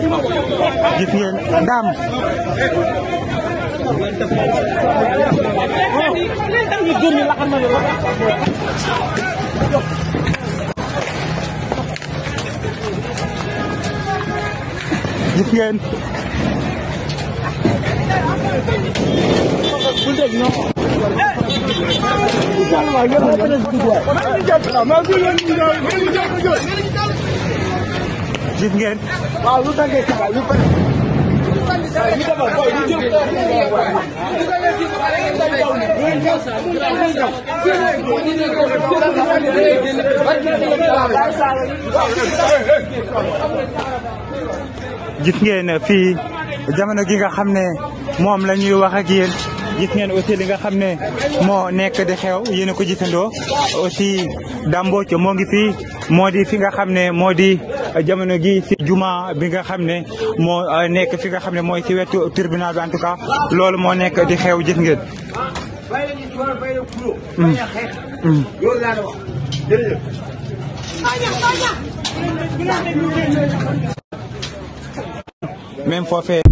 jipnya dam. Jipian. Budak no. Jangan lagi. Mana dia jatuh? Mana dia jatuh? Mana dia jatuh? Mana dia jatuh? jingen wa lu tan ke ka lu tan ni da ba ko ni je ko ni da ya ta ba ni ni ka sa ni da ni ka ti ne ko ni ne ko ti da ka ni ne ke ni ba ki ni ba sa gis ngeen fii jamono gi nga xam ne moom la ñuy wax ak yéen gis ngeen aussi li nga xam ne moo nekk di xew yéen a ko gisandoo aussi Dame Mbodj moo ngi fii moo fi nga xam ne jamono gi si juma bi nga xam ne moo euh, nekk fi nga xam ne mooy ci wetu tribunal bi en tout moo nekk di xew gis ngeen. Hmm. Hmm. même